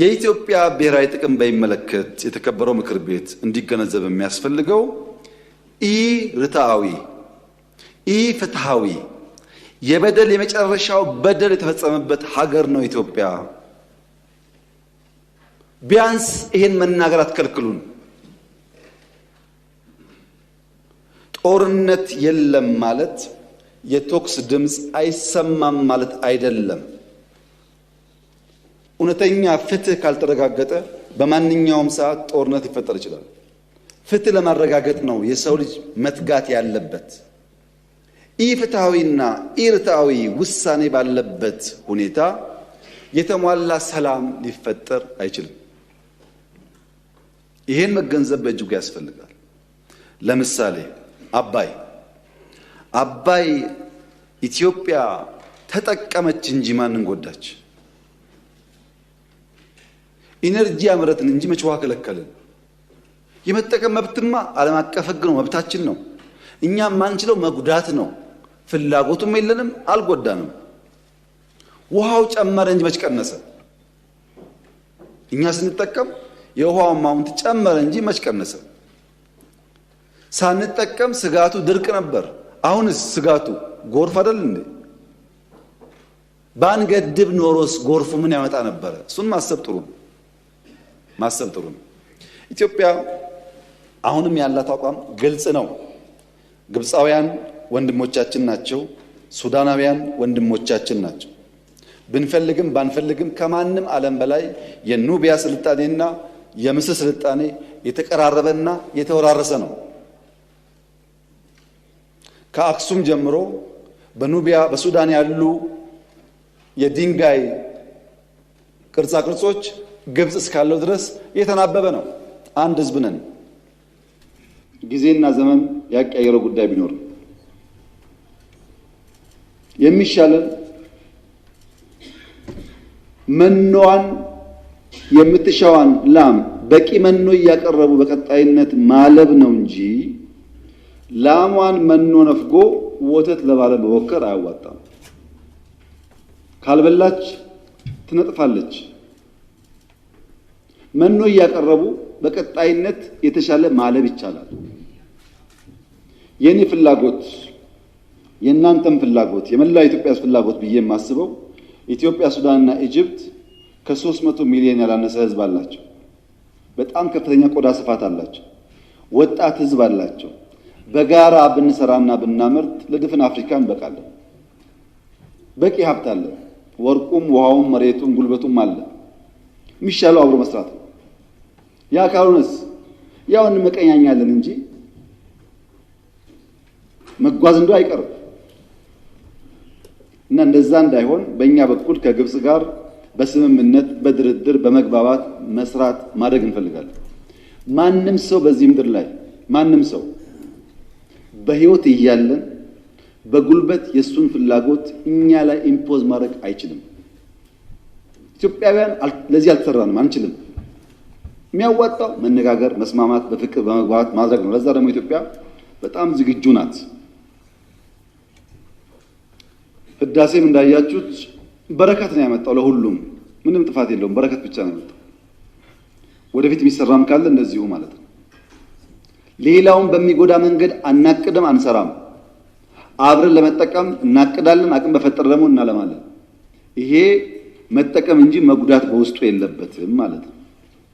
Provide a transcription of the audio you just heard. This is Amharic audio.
የኢትዮጵያ ብሔራዊ ጥቅም በሚመለከት የተከበረው ምክር ቤት እንዲገነዘብ የሚያስፈልገው ኢርትዓዊ፣ ኢፍትሐዊ የበደል የመጨረሻው በደል የተፈጸመበት ሀገር ነው ኢትዮጵያ። ቢያንስ ይሄን መናገር አትከልክሉን። ጦርነት የለም ማለት የቶክስ ድምፅ አይሰማም ማለት አይደለም። እውነተኛ ፍትህ ካልተረጋገጠ በማንኛውም ሰዓት ጦርነት ሊፈጠር ይችላል። ፍትህ ለማረጋገጥ ነው የሰው ልጅ መትጋት ያለበት። ኢፍትሐዊና ኢርትዓዊ ውሳኔ ባለበት ሁኔታ የተሟላ ሰላም ሊፈጠር አይችልም። ይሄን መገንዘብ በእጅጉ ያስፈልጋል። ለምሳሌ አባይ አባይ ኢትዮጵያ ተጠቀመች እንጂ ማንን ጎዳች? ኢነርጂ ያመረትን እንጂ መች ውሃ ከለከልን? የመጠቀም መብትማ ዓለም አቀፍ ህግ ነው፣ መብታችን ነው። እኛ የማንችለው መጉዳት ነው። ፍላጎቱም የለንም፣ አልጎዳንም። ውሃው ጨመረ እንጂ መች ቀነሰ? እኛ ስንጠቀም የውሃው ማውንት ጨመረ እንጂ መች ቀነሰ? ሳንጠቀም ስጋቱ ድርቅ ነበር። አሁንስ ስጋቱ ጎርፍ አይደል እንዴ? ባንገድብ ኖሮስ ጎርፉ ምን ያመጣ ነበረ? እሱን ማሰብ ጥሩ ነው። ማሰብ ጥሩ ነው። ኢትዮጵያ አሁንም ያላት አቋም ግልጽ ነው። ግብፃውያን ወንድሞቻችን ናቸው። ሱዳናውያን ወንድሞቻችን ናቸው። ብንፈልግም ባንፈልግም ከማንም ዓለም በላይ የኑቢያ ስልጣኔና የምስር ስልጣኔ የተቀራረበና የተወራረሰ ነው። ከአክሱም ጀምሮ በኑቢያ በሱዳን ያሉ የድንጋይ ቅርጻ ቅርጾች ግብፅ እስካለው ድረስ የተናበበ ነው። አንድ ህዝብ ነን። ጊዜና ዘመን ያቀያየረው ጉዳይ ቢኖር የሚሻለን መኖዋን የምትሻዋን ላም በቂ መኖ እያቀረቡ በቀጣይነት ማለብ ነው እንጂ ላሟን መኖ ነፍጎ ወተት ለባለ መሞከር አያዋጣም። ካልበላች ትነጥፋለች። መኖ እያቀረቡ በቀጣይነት የተሻለ ማለብ ይቻላል። የኔ ፍላጎት የእናንተም ፍላጎት የመላው ኢትዮጵያ ፍላጎት ብዬ የማስበው ኢትዮጵያ፣ ሱዳንና ኢጅፕት ከ መቶ ሚሊዮን ያላነሰ ህዝብ አላቸው። በጣም ከፍተኛ ቆዳ ስፋት አላቸው። ወጣት ህዝብ አላቸው። በጋራ ብንሰራና ብናመርት ለድፍን አፍሪካ እንበቃለን። በቂ ሀብት አለ። ወርቁም፣ ውሃውም፣ መሬቱም ጉልበቱም አለ። የሚሻለው አብሮ መስራት ነው። ያ ካልሆነስ ያው እንመቀኛኛለን እንጂ መጓዝ እንደው አይቀርም እና እንደዛ እንዳይሆን በእኛ በኩል ከግብፅ ጋር በስምምነት በድርድር በመግባባት መስራት ማድረግ እንፈልጋለን። ማንም ሰው በዚህ ምድር ላይ ማንም ሰው በህይወት እያለን በጉልበት የእሱን ፍላጎት እኛ ላይ ኢምፖዝ ማድረግ አይችልም። ኢትዮጵያውያን ለዚህ አልተሰራንም፣ አንችልም። የሚያዋጣው መነጋገር፣ መስማማት፣ በፍቅር በመግባባት ማድረግ ነው። ለዛ ደግሞ ኢትዮጵያ በጣም ዝግጁ ናት። ህዳሴም እንዳያችሁት በረከት ነው ያመጣው። ለሁሉም ምንም ጥፋት የለውም፣ በረከት ብቻ ነው ያመጣው። ወደፊት የሚሰራም ካለ እንደዚሁ ማለት ነው። ሌላውን በሚጎዳ መንገድ አናቅድም፣ አንሰራም። አብረን ለመጠቀም እናቅዳለን፣ አቅም በፈጠረ ደግሞ እናለማለን። ይሄ መጠቀም እንጂ መጉዳት በውስጡ የለበትም ማለት ነው።